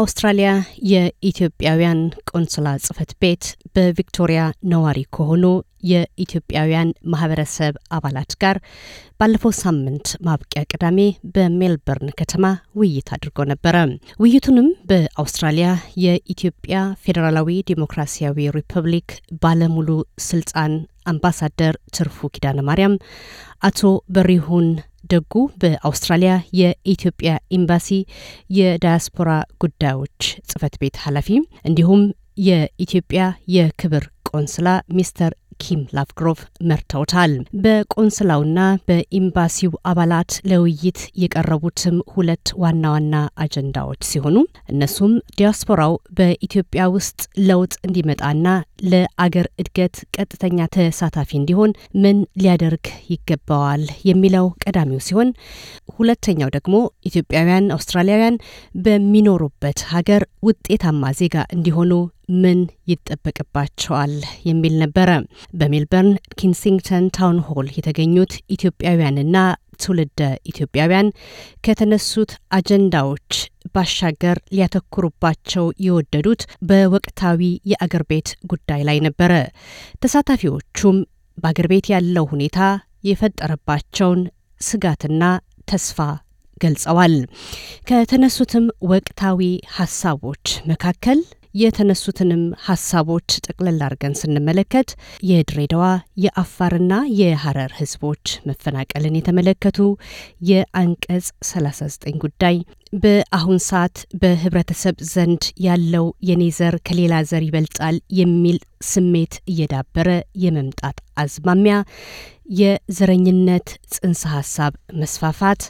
አውስትራሊያ የኢትዮጵያውያን ቆንስላ ጽህፈት ቤት በቪክቶሪያ ነዋሪ ከሆኑ የኢትዮጵያውያን ማህበረሰብ አባላት ጋር ባለፈው ሳምንት ማብቂያ ቅዳሜ በሜልበርን ከተማ ውይይት አድርጎ ነበረ። ውይይቱንም በአውስትራሊያ የኢትዮጵያ ፌዴራላዊ ዲሞክራሲያዊ ሪፐብሊክ ባለሙሉ ስልጣን አምባሳደር ትርፉ ኪዳነ ማርያም፣ አቶ በሪሁን ደጉ በአውስትራሊያ የኢትዮጵያ ኤምባሲ የዳያስፖራ ጉዳዮች ጽህፈት ቤት ኃላፊ እንዲሁም የኢትዮጵያ የክብር ቆንስላ ሚስተር ኪም ላቭግሮቭ መርተውታል። በቆንስላውና በኤምባሲው አባላት ለውይይት የቀረቡትም ሁለት ዋና ዋና አጀንዳዎች ሲሆኑ እነሱም ዲያስፖራው በኢትዮጵያ ውስጥ ለውጥ እንዲመጣና ለአገር እድገት ቀጥተኛ ተሳታፊ እንዲሆን ምን ሊያደርግ ይገባዋል የሚለው ቀዳሚው ሲሆን ሁለተኛው ደግሞ ኢትዮጵያውያን አውስትራሊያውያን በሚኖሩበት ሀገር ውጤታማ ዜጋ እንዲሆኑ ምን ይጠበቅባቸዋል የሚል ነበረ። በሜልበርን ኪንሲንግተን ታውን ሆል የተገኙት ኢትዮጵያውያንና ትውልደ ኢትዮጵያውያን ከተነሱት አጀንዳዎች ባሻገር ሊያተኩሩባቸው የወደዱት በወቅታዊ የአገር ቤት ጉዳይ ላይ ነበረ። ተሳታፊዎቹም በአገር ቤት ያለው ሁኔታ የፈጠረባቸውን ስጋትና ተስፋ ገልጸዋል። ከተነሱትም ወቅታዊ ሀሳቦች መካከል የተነሱትንም ሀሳቦች ጠቅለል አድርገን ስንመለከት የድሬዳዋ የአፋርና የሀረር ህዝቦች መፈናቀልን የተመለከቱ የአንቀጽ 39 ጉዳይ በአሁን ሰዓት በህብረተሰብ ዘንድ ያለው የኔ ዘር ከሌላ ዘር ይበልጣል የሚል ስሜት እየዳበረ የመምጣት አዝማሚያ፣ የዘረኝነት ጽንሰ ሀሳብ መስፋፋት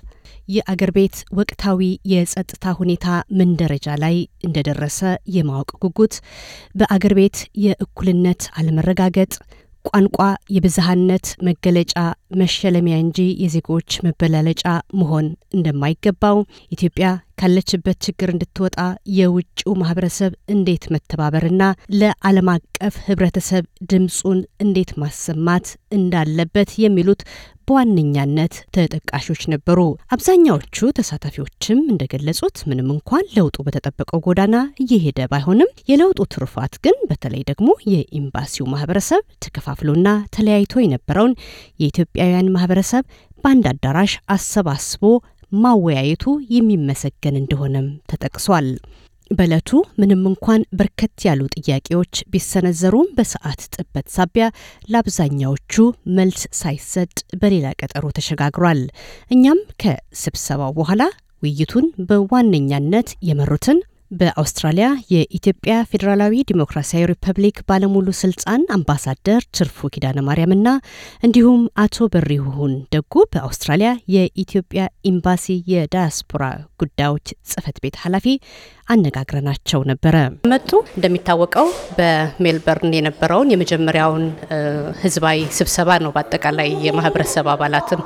የአገር ቤት ወቅታዊ የጸጥታ ሁኔታ ምን ደረጃ ላይ እንደደረሰ የማወቅ ጉጉት፣ በአገር ቤት የእኩልነት አለመረጋገጥ፣ ቋንቋ የብዝሃነት መገለጫ መሸለሚያ እንጂ የዜጎች መበላለጫ መሆን እንደማይገባው ኢትዮጵያ ካለችበት ችግር እንድትወጣ የውጭው ማህበረሰብ እንዴት መተባበርና ለዓለም አቀፍ ህብረተሰብ ድምፁን እንዴት ማሰማት እንዳለበት የሚሉት በዋነኛነት ተጠቃሾች ነበሩ። አብዛኛዎቹ ተሳታፊዎችም እንደገለጹት ምንም እንኳን ለውጡ በተጠበቀው ጎዳና እየሄደ ባይሆንም የለውጡ ትሩፋት ግን በተለይ ደግሞ የኤምባሲው ማህበረሰብ ተከፋፍሎና ተለያይቶ የነበረውን የኢትዮጵያውያን ማህበረሰብ በአንድ አዳራሽ አሰባስቦ ማወያየቱ የሚመሰገን እንደሆነም ተጠቅሷል። በእለቱ ምንም እንኳን በርከት ያሉ ጥያቄዎች ቢሰነዘሩም በሰዓት ጥበት ሳቢያ ለአብዛኛዎቹ መልስ ሳይሰጥ በሌላ ቀጠሮ ተሸጋግሯል። እኛም ከስብሰባው በኋላ ውይይቱን በዋነኛነት የመሩትን በአውስትራሊያ የኢትዮጵያ ፌዴራላዊ ዲሞክራሲያዊ ሪፐብሊክ ባለሙሉ ስልጣን አምባሳደር ትርፉ ኪዳነ ማርያምና እንዲሁም አቶ በሪሁን ደጉ በአውስትራሊያ የኢትዮጵያ ኤምባሲ የዳያስፖራ ጉዳዮች ጽህፈት ቤት ኃላፊ አነጋግረናቸው ነበረ። መጡ እንደሚታወቀው በሜልበርን የነበረውን የመጀመሪያውን ህዝባዊ ስብሰባ ነው። በአጠቃላይ የማህበረሰብ አባላትን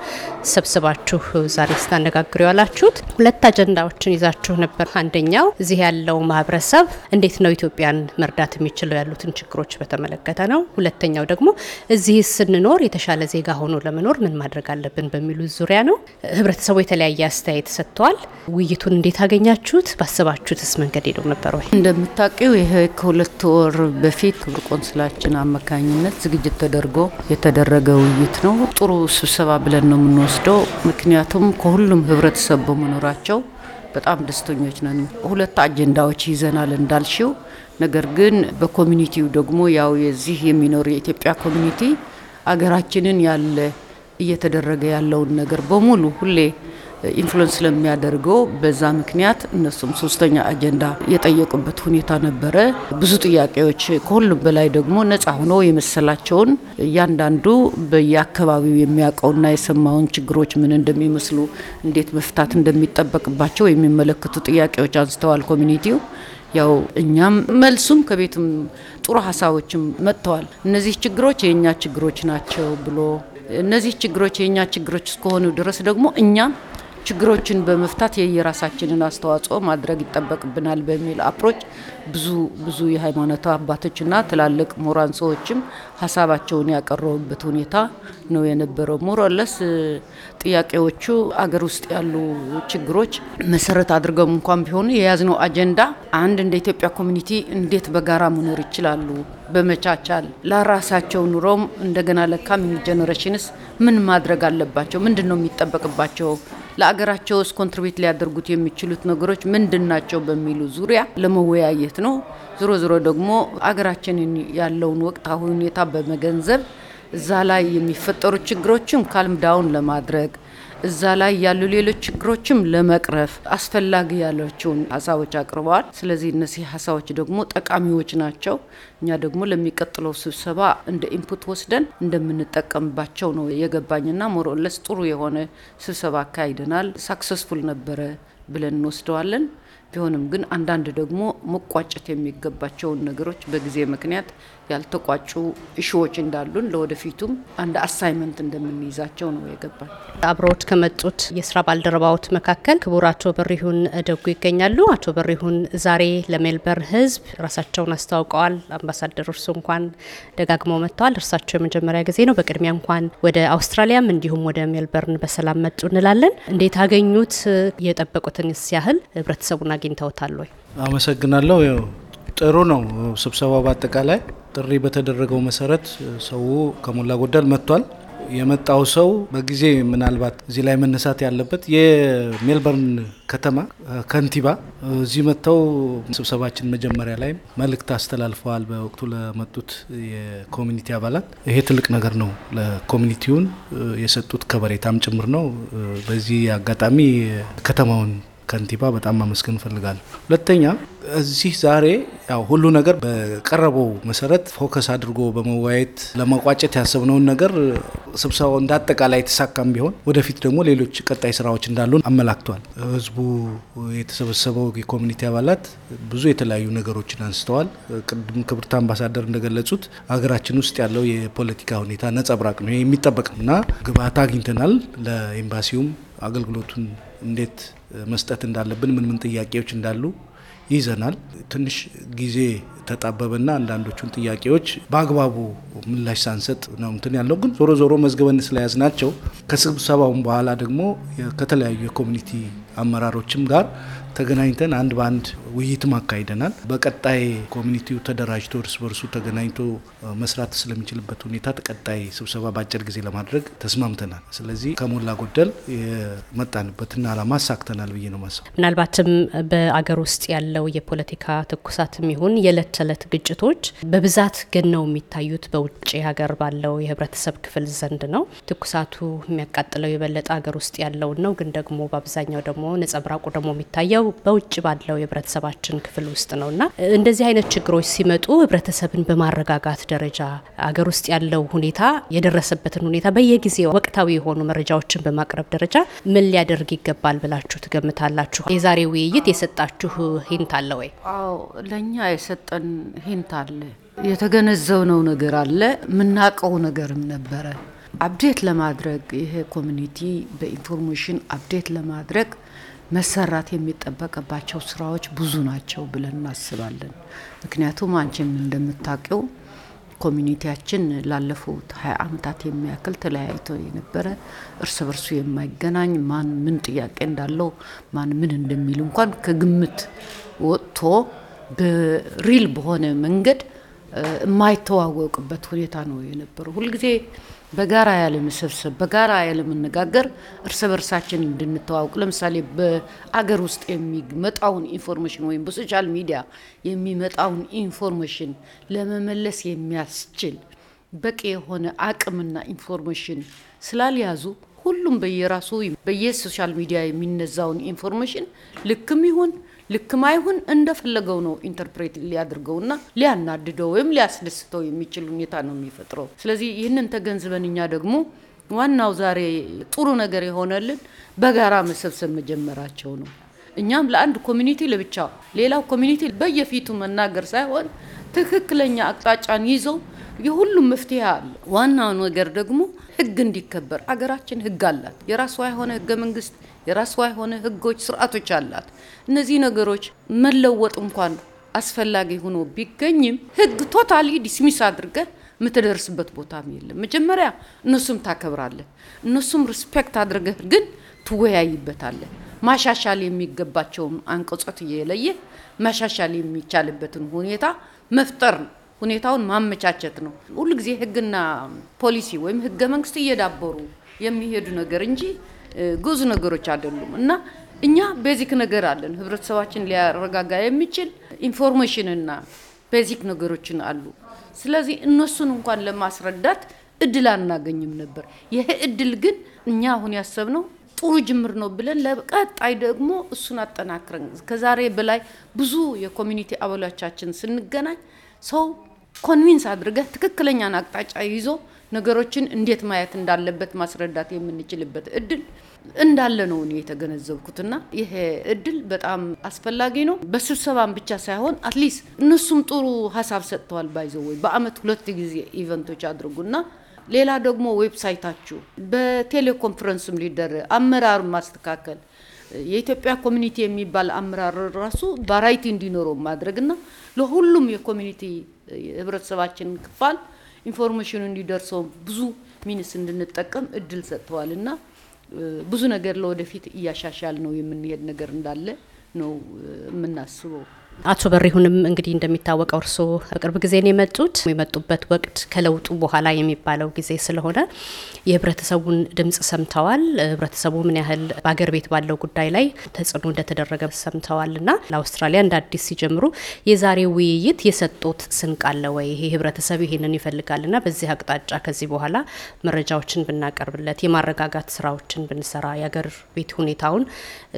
ሰብስባችሁ ዛሬ ስታነጋግሩ ያላችሁት ሁለት አጀንዳዎችን ይዛችሁ ነበር። አንደኛው እዚህ ያለው ማህበረሰብ እንዴት ነው ኢትዮጵያን መርዳት የሚችለው ያሉትን ችግሮች በተመለከተ ነው። ሁለተኛው ደግሞ እዚህ ስንኖር የተሻለ ዜጋ ሆኖ ለመኖር ምን ማድረግ አለብን በሚሉ ዙሪያ ነው። ህብረተሰቡ የተለያየ አስተያየት ሰጥተዋል። ውይይቱን እንዴት አገኛችሁት? ባሰባችሁትስ መንገድ ሄደው ነበር ወይ? እንደምታውቂው ይሄ ከሁለት ወር በፊት ክብር ቆንስላችን አማካኝነት ዝግጅት ተደርጎ የተደረገ ውይይት ነው። ጥሩ ስብሰባ ብለን ነው የምንወስደው። ምክንያቱም ከሁሉም ህብረተሰብ በመኖራቸው በጣም ደስተኞች ነን። ሁለት አጀንዳዎች ይዘናል እንዳልሽው። ነገር ግን በኮሚኒቲው ደግሞ ያው የዚህ የሚኖር የኢትዮጵያ ኮሚኒቲ አገራችንን ያለ እየተደረገ ያለውን ነገር በሙሉ ሁሌ ኢንፍሉዌንስ ስለሚያደርገው በዛ ምክንያት እነሱም ሶስተኛ አጀንዳ የጠየቁበት ሁኔታ ነበረ። ብዙ ጥያቄዎች ከሁሉም በላይ ደግሞ ነፃ ሆኖ የመሰላቸውን እያንዳንዱ በየአካባቢው የሚያውቀውና የሰማውን ችግሮች ምን እንደሚመስሉ፣ እንዴት መፍታት እንደሚጠበቅባቸው የሚመለከቱ ጥያቄዎች አንስተዋል ኮሚኒቲው። ያው እኛም መልሱም ከቤትም ጥሩ ሀሳቦችም መጥተዋል። እነዚህ ችግሮች የእኛ ችግሮች ናቸው ብሎ እነዚህ ችግሮች የእኛ ችግሮች እስከሆኑ ድረስ ደግሞ እኛም ችግሮችን በመፍታት የየራሳችንን አስተዋጽኦ ማድረግ ይጠበቅብናል በሚል አፕሮች ብዙ ብዙ የሃይማኖት አባቶችና ትላልቅ ምሁራን ሰዎችም ሀሳባቸውን ያቀረቡበት ሁኔታ ነው የነበረው። ሞረለስ ጥያቄዎቹ አገር ውስጥ ያሉ ችግሮች መሰረት አድርገው እንኳን ቢሆኑ የያዝነው አጀንዳ አንድ እንደ ኢትዮጵያ ኮሚኒቲ እንዴት በጋራ መኖር ይችላሉ በመቻቻል ለራሳቸው ኑሮም እንደገና ለካሚንግ ጀኔሬሽንስ ምን ማድረግ አለባቸው? ምንድን ነው የሚጠበቅባቸው ለአገራቸው ውስጥ ኮንትሪቢዩት ሊያደርጉት የሚችሉት ነገሮች ምንድን ናቸው በሚሉ ዙሪያ ለመወያየት ነው። ዞሮ ዞሮ ደግሞ አገራችንን ያለውን ወቅታዊ ሁኔታ በመገንዘብ እዛ ላይ የሚፈጠሩ ችግሮችን ካልም ዳውን ለማድረግ እዛ ላይ ያሉ ሌሎች ችግሮችም ለመቅረፍ አስፈላጊ ያላቸውን ሀሳቦች አቅርበዋል። ስለዚህ እነዚህ ሀሳቦች ደግሞ ጠቃሚዎች ናቸው። እኛ ደግሞ ለሚቀጥለው ስብሰባ እንደ ኢንፑት ወስደን እንደምንጠቀምባቸው ነው የገባኝና ሞሮለስ ጥሩ የሆነ ስብሰባ አካሂደናል። ሳክሰስፉል ነበረ ብለን እንወስደዋለን። ቢሆንም ግን አንዳንድ ደግሞ መቋጨት የሚገባቸውን ነገሮች በጊዜ ምክንያት ያልተቋጩ እሺዎች እንዳሉን ለወደፊቱም አንድ አሳይመንት እንደምንይዛቸው ነው የገባል። አብረውት ከመጡት የስራ ባልደረባዎት መካከል ክቡር አቶ በሪሁን ደጉ ይገኛሉ። አቶ በሪሁን ዛሬ ለሜልበርን ህዝብ ራሳቸውን አስተዋውቀዋል። አምባሳደር እርሱ እንኳን ደጋግመው መጥተዋል። እርሳቸው የመጀመሪያ ጊዜ ነው። በቅድሚያ እንኳን ወደ አውስትራሊያም እንዲሁም ወደ ሜልበርን በሰላም መጡ እንላለን። እንዴት አገኙት? የጠበቁትን ያህል ህብረተሰቡን አግኝተውታል ወይ? አመሰግናለሁ። ጥሩ ነው ስብሰባው። በአጠቃላይ ጥሪ በተደረገው መሰረት ሰው ከሞላ ጎደል መጥቷል። የመጣው ሰው በጊዜ ምናልባት እዚህ ላይ መነሳት ያለበት የሜልበርን ከተማ ከንቲባ እዚህ መጥተው ስብሰባችን መጀመሪያ ላይ መልእክት አስተላልፈዋል፣ በወቅቱ ለመጡት የኮሚኒቲ አባላት። ይሄ ትልቅ ነገር ነው፣ ለኮሚኒቲውን የሰጡት ከበሬታም ጭምር ነው። በዚህ አጋጣሚ ከተማውን ከንቲባ በጣም ማመስገን እንፈልጋለን። ሁለተኛ እዚህ ዛሬ ያው ሁሉ ነገር በቀረበው መሰረት ፎከስ አድርጎ በመወያየት ለማቋጨት ያሰብነውን ነገር ስብሰባው እንደ አጠቃላይ የተሳካም ቢሆን ወደፊት ደግሞ ሌሎች ቀጣይ ስራዎች እንዳሉን አመላክቷል። ህዝቡ የተሰበሰበው የኮሚኒቲ አባላት ብዙ የተለያዩ ነገሮችን አንስተዋል። ቅድም ክብርት አምባሳደር እንደገለጹት ሀገራችን ውስጥ ያለው የፖለቲካ ሁኔታ ነጸብራቅ ነው የሚጠበቅ እና ግብአት አግኝተናል። ለኤምባሲውም አገልግሎቱን እንዴት መስጠት እንዳለብን ምን ምን ጥያቄዎች እንዳሉ ይዘናል። ትንሽ ጊዜ ተጣበበና አንዳንዶቹን ጥያቄዎች በአግባቡ ምላሽ ሳንሰጥ ነው እንትን ያለው። ግን ዞሮ ዞሮ መዝገበን ስለያዝ ናቸው። ከስብሰባውም በኋላ ደግሞ ከተለያዩ የኮሚኒቲ አመራሮችም ጋር ተገናኝተን አንድ በአንድ ውይይትም አካሂደናል። በቀጣይ ኮሚኒቲው ተደራጅቶ እርስ በርሱ ተገናኝቶ መስራት ስለሚችልበት ሁኔታ ተቀጣይ ስብሰባ በአጭር ጊዜ ለማድረግ ተስማምተናል። ስለዚህ ከሞላ ጎደል የመጣንበትና ዓላማ አሳክተናል ብዬ ነው ማሰብ። ምናልባትም በአገር ውስጥ ያለው የፖለቲካ ትኩሳትም ይሁን የዕለት ተዕለት ግጭቶች በብዛት ገነው የሚታዩት በውጭ ሀገር ባለው የህብረተሰብ ክፍል ዘንድ ነው። ትኩሳቱ የሚያቃጥለው የበለጠ ሀገር ውስጥ ያለውን ነው። ግን ደግሞ በአብዛኛው ደግሞ ነጸብራቁ ደግሞ የሚታየው ያለው በውጭ ባለው የህብረተሰባችን ክፍል ውስጥ ነው እና እንደዚህ አይነት ችግሮች ሲመጡ ህብረተሰብን በማረጋጋት ደረጃ አገር ውስጥ ያለው ሁኔታ የደረሰበትን ሁኔታ በየጊዜው ወቅታዊ የሆኑ መረጃዎችን በማቅረብ ደረጃ ምን ሊያደርግ ይገባል ብላችሁ ትገምታላችሁ? የዛሬ ውይይት የሰጣችሁ ሂንት አለ ወይ? አዎ ለእኛ የሰጠን ሂንት አለ። የተገነዘብነው ነገር አለ። የምናውቀው ነገርም ነበረ። አብዴት ለማድረግ ይሄ ኮሚኒቲ በኢንፎርሜሽን አብዴት ለማድረግ መሰራት የሚጠበቅባቸው ስራዎች ብዙ ናቸው ብለን እናስባለን። ምክንያቱም አንቺም እንደምታውቂው ኮሚኒቲያችን ላለፉት ሀያ ዓመታት የሚያክል ተለያይቶ የነበረ እርስ በርሱ የማይገናኝ ማን ምን ጥያቄ እንዳለው ማን ምን እንደሚል እንኳን ከግምት ወጥቶ በሪል በሆነ መንገድ የማይተዋወቅበት ሁኔታ ነው የነበረው ሁልጊዜ በጋራ ያለ መሰብሰብ በጋራ ያለ መነጋገር እርስ በርሳችን እንድንተዋውቅ ለምሳሌ በአገር ውስጥ የሚመጣውን ኢንፎርሜሽን ወይም በሶሻል ሚዲያ የሚመጣውን ኢንፎርሜሽን ለመመለስ የሚያስችል በቂ የሆነ አቅምና ኢንፎርሜሽን ስላልያዙ ሁሉም በየራሱ በየሶሻል ሚዲያ የሚነዛውን ኢንፎርሜሽን ልክም ይሁን ልክም አይሁን እንደፈለገው ነው ኢንተርፕሬት ሊያድርገውና ሊያናድደው ወይም ሊያስደስተው የሚችል ሁኔታ ነው የሚፈጥረው። ስለዚህ ይህንን ተገንዝበን እኛ ደግሞ ዋናው ዛሬ ጥሩ ነገር የሆነልን በጋራ መሰብሰብ መጀመራቸው ነው። እኛም ለአንድ ኮሚኒቲ ለብቻው ሌላው ኮሚኒቲ በየፊቱ መናገር ሳይሆን ትክክለኛ አቅጣጫን ይዘው የሁሉም መፍትሄ አለ። ዋናው ነገር ደግሞ ህግ እንዲከበር አገራችን ህግ አላት። የራሷ የሆነ ህገ መንግስት፣ የራሷ የሆነ ህጎች፣ ስርዓቶች አላት። እነዚህ ነገሮች መለወጥ እንኳን አስፈላጊ ሆኖ ቢገኝም ህግ ቶታሊ ዲስሚስ አድርገህ የምትደርስበት ቦታም የለም። መጀመሪያ እነሱም ታከብራለህ፣ እነሱም ሪስፔክት አድርገህ ግን ትወያይበታለህ። ማሻሻል የሚገባቸውን አንቀጾት እየለየ ማሻሻል የሚቻልበትን ሁኔታ መፍጠር ነው። ሁኔታውን ማመቻቸት ነው። ሁሉ ጊዜ ህግና ፖሊሲ ወይም ህገ መንግስት እየዳበሩ የሚሄዱ ነገር እንጂ ጉዙ ነገሮች አይደሉም እና እኛ ቤዚክ ነገር አለን። ህብረተሰባችን ሊያረጋጋ የሚችል ኢንፎርሜሽንና ቤዚክ ነገሮችን አሉ። ስለዚህ እነሱን እንኳን ለማስረዳት እድል አናገኝም ነበር። ይህ እድል ግን እኛ አሁን ያሰብነው ጥሩ ጅምር ነው ብለን ለቀጣይ ደግሞ እሱን አጠናክረን ከዛሬ በላይ ብዙ የኮሚኒቲ አባሎቻችን ስንገናኝ ሰው ኮንቪንስ አድርገህ ትክክለኛን አቅጣጫ ይዞ ነገሮችን እንዴት ማየት እንዳለበት ማስረዳት የምንችልበት እድል እንዳለ ነው እኔ የተገነዘብኩትና ይሄ እድል በጣም አስፈላጊ ነው። በስብሰባን ብቻ ሳይሆን አትሊስት እነሱም ጥሩ ሀሳብ ሰጥተዋል። ባይዘው ወይ በአመት ሁለት ጊዜ ኢቨንቶች አድርጉና ሌላ ደግሞ ዌብሳይታችሁ በቴሌኮንፈረንስም ሊደረ አመራር ማስተካከል የኢትዮጵያ ኮሚኒቲ የሚባል አመራር ራሱ ቫራይቲ እንዲኖረው ማድረግና ለሁሉም የኮሚኒቲ ህብረተሰባችን ክፋል ኢንፎርሜሽኑ እንዲደርሰው ብዙ ሚኒስ እንድንጠቀም እድል ሰጥተዋል እና ብዙ ነገር ለወደፊት እያሻሻል ነው የምንሄድ ነገር እንዳለ ነው የምናስበው። አቶ በሪሁንም እንግዲህ እንደሚታወቀው እርስዎ በቅርብ ጊዜ ነው የመጡት። የመጡበት ወቅት ከለውጡ በኋላ የሚባለው ጊዜ ስለሆነ የህብረተሰቡን ድምጽ ሰምተዋል። ህብረተሰቡ ምን ያህል በአገር ቤት ባለው ጉዳይ ላይ ተጽዕኖ እንደተደረገ ሰምተዋል እና ለአውስትራሊያ እንደ አዲስ ሲጀምሩ የዛሬ ውይይት የሰጡት ስንቅ አለ ወይ? ይሄ ህብረተሰብ ይሄንን ይፈልጋል ና በዚህ አቅጣጫ ከዚህ በኋላ መረጃዎችን ብናቀርብለት፣ የማረጋጋት ስራዎችን ብንሰራ፣ የአገር ቤት ሁኔታውን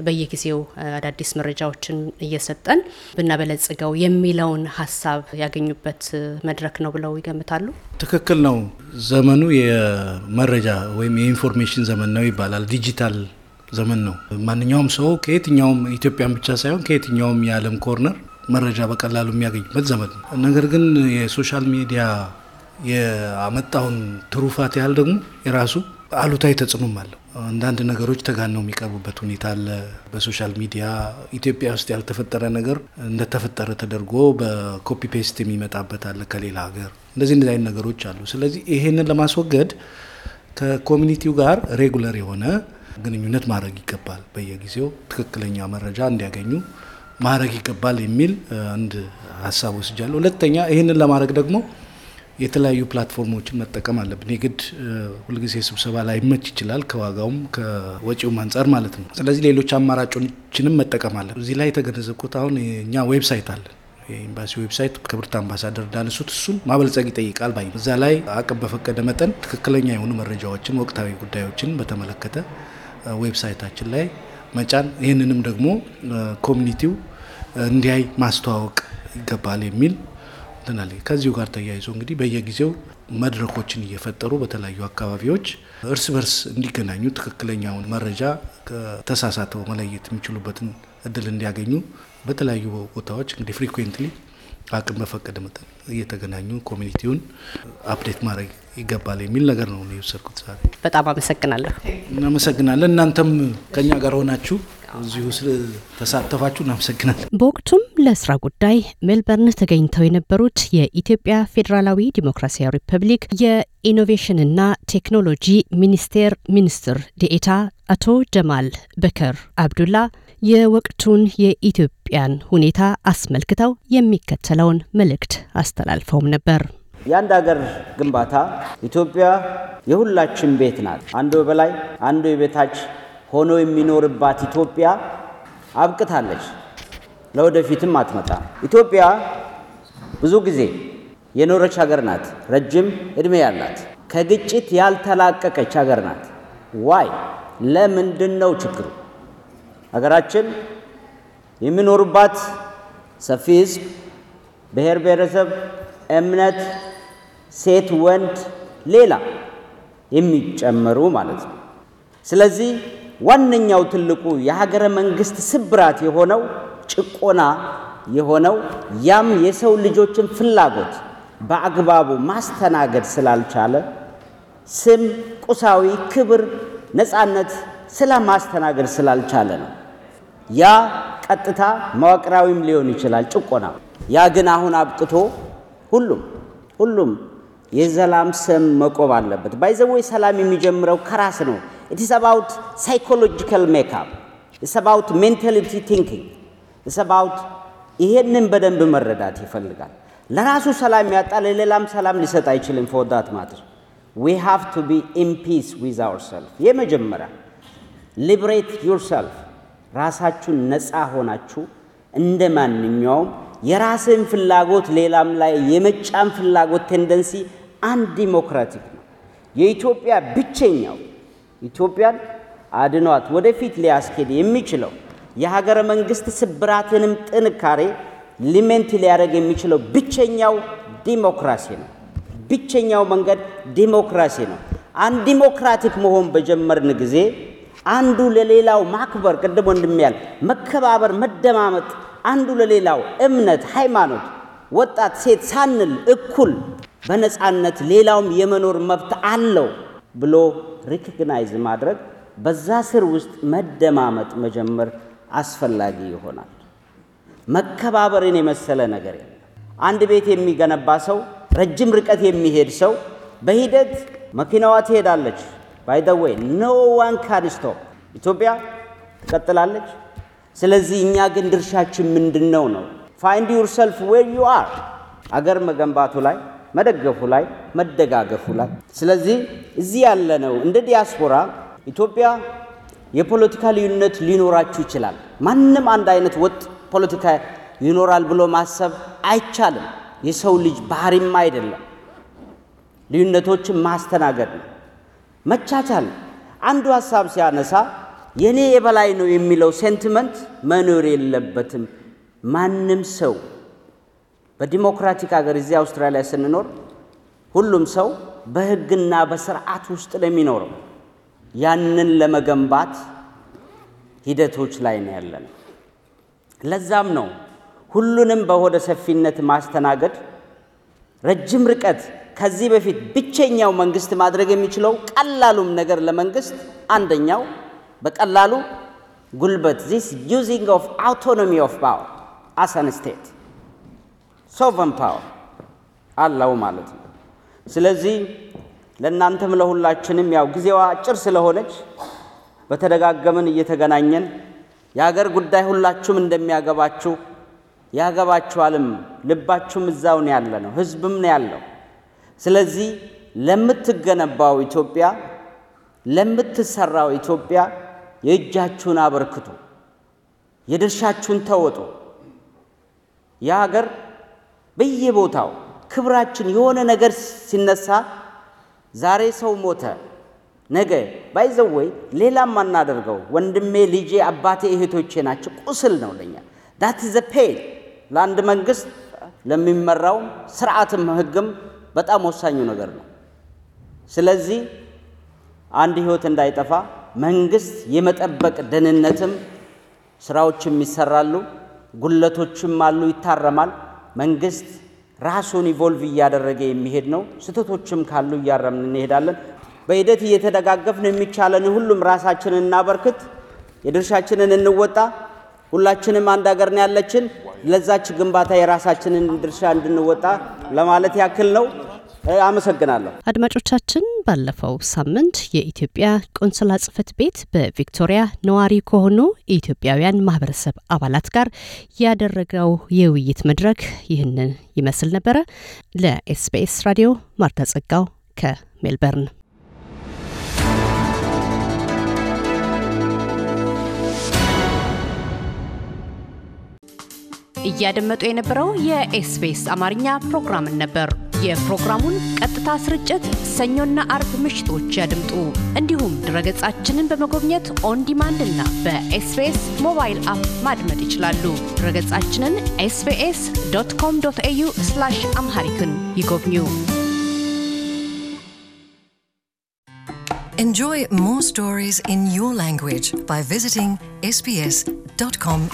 በየጊዜው አዳዲስ መረጃዎችን እየሰጠን ብናበለጽገው የሚለውን ሀሳብ ያገኙበት መድረክ ነው ብለው ይገምታሉ? ትክክል ነው። ዘመኑ የመረጃ ወይም የኢንፎርሜሽን ዘመን ነው ይባላል። ዲጂታል ዘመን ነው። ማንኛውም ሰው ከየትኛውም ኢትዮጵያን ብቻ ሳይሆን ከየትኛውም የዓለም ኮርነር መረጃ በቀላሉ የሚያገኝበት ዘመን ነው። ነገር ግን የሶሻል ሚዲያ የአመጣውን ትሩፋት ያህል ደግሞ የራሱ አሉታዊ ተጽዕኖም አለው። አንዳንድ ነገሮች ተጋነው የሚቀርቡበት ሁኔታ አለ። በሶሻል ሚዲያ ኢትዮጵያ ውስጥ ያልተፈጠረ ነገር እንደተፈጠረ ተደርጎ በኮፒ ፔስት የሚመጣበት አለ ከሌላ ሀገር። እንደዚህ እንደዚህ አይነት ነገሮች አሉ። ስለዚህ ይሄንን ለማስወገድ ከኮሚኒቲው ጋር ሬጉለር የሆነ ግንኙነት ማድረግ ይገባል። በየጊዜው ትክክለኛ መረጃ እንዲያገኙ ማድረግ ይገባል የሚል አንድ ሀሳብ ወስጃለሁ። ሁለተኛ ይህንን ለማድረግ ደግሞ የተለያዩ ፕላትፎርሞችን መጠቀም አለብን። የግድ ሁልጊዜ ስብሰባ ላይመች ይችላል፣ ከዋጋውም ከወጪውም አንጻር ማለት ነው። ስለዚህ ሌሎች አማራጮችንም መጠቀም አለ። እዚህ ላይ የተገነዘብኩት አሁን እኛ ዌብሳይት አለን የኤምባሲ ዌብሳይት ክብርት አምባሳደር እንዳነሱት እሱን ማበልጸግ ይጠይቃል ባይ እዛ ላይ አቅም በፈቀደ መጠን ትክክለኛ የሆኑ መረጃዎችን፣ ወቅታዊ ጉዳዮችን በተመለከተ ዌብሳይታችን ላይ መጫን፣ ይህንንም ደግሞ ኮሚኒቲው እንዲያይ ማስተዋወቅ ይገባል የሚል ትላለች። ከዚሁ ጋር ተያይዞ እንግዲህ በየጊዜው መድረኮችን እየፈጠሩ በተለያዩ አካባቢዎች እርስ በርስ እንዲገናኙ ትክክለኛውን መረጃ ከተሳሳተው መለየት የሚችሉበትን እድል እንዲያገኙ በተለያዩ ቦታዎች እንግዲህ ፍሪኩዌንትሊ አቅም በፈቀደ መጠን እየተገናኙ ኮሚኒቲውን አፕዴት ማድረግ ይገባል የሚል ነገር ነው የወሰድኩት። ዛሬ በጣም አመሰግናለሁ። እናመሰግናለን። እናንተም ከኛ ጋር ሆናችሁ እዚሁ ተሳተፋችሁ እናመሰግናለን። በወቅቱም ለስራ ጉዳይ ሜልበርን ተገኝተው የነበሩት የኢትዮጵያ ፌዴራላዊ ዲሞክራሲያዊ ሪፐብሊክ የኢኖቬሽንና ቴክኖሎጂ ሚኒስቴር ሚኒስትር ዴኤታ አቶ ጀማል በከር አብዱላ የወቅቱን የኢትዮጵያን ሁኔታ አስመልክተው የሚከተለውን መልእክት አስተላልፈውም ነበር። የአንድ ሀገር ግንባታ ኢትዮጵያ የሁላችን ቤት ናት። አንዱ በላይ አንዱ የበታች ሆኖ የሚኖርባት ኢትዮጵያ አብቅታለች። ለወደፊትም አትመጣም። ኢትዮጵያ ብዙ ጊዜ የኖረች ሀገር ናት። ረጅም እድሜ ያላት ከግጭት ያልተላቀቀች ሀገር ናት። ዋይ ለምንድን ነው ችግሩ? ሀገራችን የሚኖሩባት ሰፊ ህዝብ፣ ብሔር ብሔረሰብ፣ እምነት፣ ሴት፣ ወንድ፣ ሌላ የሚጨመሩ ማለት ነው። ስለዚህ ዋነኛው ትልቁ የሀገረ መንግስት ስብራት የሆነው ጭቆና የሆነው ያም የሰው ልጆችን ፍላጎት በአግባቡ ማስተናገድ ስላልቻለ ስም፣ ቁሳዊ ክብር፣ ነፃነት ስለማስተናገድ ስላልቻለ ነው። ያ ቀጥታ መዋቅራዊም ሊሆን ይችላል ጭቆና። ያ ግን አሁን አብቅቶ ሁሉም ሁሉም የዘላም ስም መቆም አለበት። ባይዘወይ ሰላም የሚጀምረው ከራስ ነው። ኢትስ አባውት ሳይኮሎጂካል ሜካፕ ኢትስ አባውት ሜንታሊቲ ቲንኪንግ ሰባውት ይሄንን በደንብ መረዳት ይፈልጋል። ለራሱ ሰላም ያጣ ለሌላም ሰላም ሊሰጥ አይችልም። ፎዳት ማትር ዊ ሃቭ ቱ ቢ ኢን ፒስ ዊዝ አወርሰልፍ። የመጀመሪያ ሊብሬት ዩርሰልፍ፣ ራሳችሁን ነፃ ሆናችሁ እንደ ማንኛውም የራስን ፍላጎት ሌላም ላይ የመጫን ፍላጎት ቴንደንሲ አንድ ዲሞክራቲክ ነው። የኢትዮጵያ ብቸኛው ኢትዮጵያን አድኗት ወደፊት ሊያስኬድ የሚችለው የሀገረ መንግስት ስብራትንም ጥንካሬ ሊመንት ሊያደርግ የሚችለው ብቸኛው ዲሞክራሲ ነው። ብቸኛው መንገድ ዲሞክራሲ ነው። አንድ ዲሞክራቲክ መሆን በጀመርን ጊዜ አንዱ ለሌላው ማክበር፣ ቅድም ወንድም ያል መከባበር፣ መደማመጥ፣ አንዱ ለሌላው እምነት፣ ሃይማኖት፣ ወጣት፣ ሴት ሳንል እኩል በነፃነት ሌላውም የመኖር መብት አለው ብሎ ሪኮግናይዝ ማድረግ በዛ ስር ውስጥ መደማመጥ መጀመር አስፈላጊ ይሆናል። መከባበርን የመሰለ ነገር የለም። አንድ ቤት የሚገነባ ሰው፣ ረጅም ርቀት የሚሄድ ሰው በሂደት መኪናዋ ትሄዳለች። ባይደወይ ኖ ዋን ካን ስቶፕ ኢትዮጵያ ትቀጥላለች። ስለዚህ እኛ ግን ድርሻችን ምንድን ነው ነው ፋይንድ ዩር ሰልፍ ዌር ዩ አር አገር መገንባቱ ላይ መደገፉ ላይ መደጋገፉ ላይ። ስለዚህ እዚህ ያለነው እንደ ዲያስፖራ ኢትዮጵያ የፖለቲካ ልዩነት ሊኖራችሁ ይችላል። ማንም አንድ አይነት ወጥ ፖለቲካ ይኖራል ብሎ ማሰብ አይቻልም። የሰው ልጅ ባህሪም አይደለም። ልዩነቶችን ማስተናገድ ነው፣ መቻቻል። አንዱ ሀሳብ ሲያነሳ የኔ የበላይ ነው የሚለው ሴንቲመንት መኖር የለበትም። ማንም ሰው በዲሞክራቲክ ሀገር እዚህ አውስትራሊያ ስንኖር ሁሉም ሰው በህግና በስርዓት ውስጥ ነው የሚኖረው። ያንን ለመገንባት ሂደቶች ላይ ነው ያለን። ለዛም ነው ሁሉንም በሆደ ሰፊነት ማስተናገድ ረጅም ርቀት ከዚህ በፊት ብቸኛው መንግስት ማድረግ የሚችለው ቀላሉም ነገር ለመንግስት አንደኛው በቀላሉ ጉልበት ዚስ ዩዚንግ ኦፍ አውቶኖሚ ኦፍ ፓወር አሰን ስቴት ሶቨን ፓወር አለው ማለት ነው። ስለዚህ ለእናንተም ለሁላችንም ያው ጊዜዋ አጭር ስለሆነች በተደጋገምን እየተገናኘን የሀገር ጉዳይ ሁላችሁም እንደሚያገባችሁ ያገባችኋልም፣ ልባችሁም እዛው ነው ያለ ነው፣ ህዝብም ነው ያለው። ስለዚህ ለምትገነባው ኢትዮጵያ፣ ለምትሰራው ኢትዮጵያ የእጃችሁን አበርክቱ፣ የድርሻችሁን ተወጡ። የሀገር በየቦታው ክብራችን የሆነ ነገር ሲነሳ ዛሬ ሰው ሞተ፣ ነገ ባይዘወይ ሌላ ማናደርገው ወንድሜ፣ ልጄ፣ አባቴ፣ እህቶቼ ናቸው። ቁስል ነው ለኛ ዳት ዘ ፔን ለአንድ መንግስት ለሚመራውም ስርዓትም ህግም በጣም ወሳኙ ነገር ነው። ስለዚህ አንድ ህይወት እንዳይጠፋ መንግስት የመጠበቅ ደህንነትም ስራዎችም ይሰራሉ፣ ጉለቶችም አሉ፣ ይታረማል መንግስት ራሱን ኢቮልቭ እያደረገ የሚሄድ ነው። ስህተቶችም ካሉ እያረምን እንሄዳለን። በሂደት እየተደጋገፍን የሚቻለን ሁሉም ራሳችንን እናበርክት፣ የድርሻችንን እንወጣ። ሁላችንም አንድ ሀገር ነው ያለችን። ለዛች ግንባታ የራሳችንን ድርሻ እንድንወጣ ለማለት ያክል ነው። አመሰግናለሁ። አድማጮቻችን ባለፈው ሳምንት የኢትዮጵያ ቆንስላ ጽህፈት ቤት በቪክቶሪያ ነዋሪ ከሆኑ የኢትዮጵያውያን ማህበረሰብ አባላት ጋር ያደረገው የውይይት መድረክ ይህንን ይመስል ነበረ። ለኤስቢኤስ ራዲዮ ማርታ ጸጋው ከሜልበርን። እያደመጡ የነበረው የኤስቢኤስ አማርኛ ፕሮግራምን ነበር። የፕሮግራሙን ቀጥታ ስርጭት ሰኞና አርብ ምሽቶች ያድምጡ። እንዲሁም ድረገጻችንን በመጎብኘት ኦን ዲማንድ እና በኤስቤስ ሞባይል አፕ ማድመጥ ይችላሉ። ድረገጻችንን ኤስቤስ ዶት ኮም ዶት ኤዩ አምሃሪክን ይጎብኙ። Enjoy more stories in your language by visiting sbs.com.au.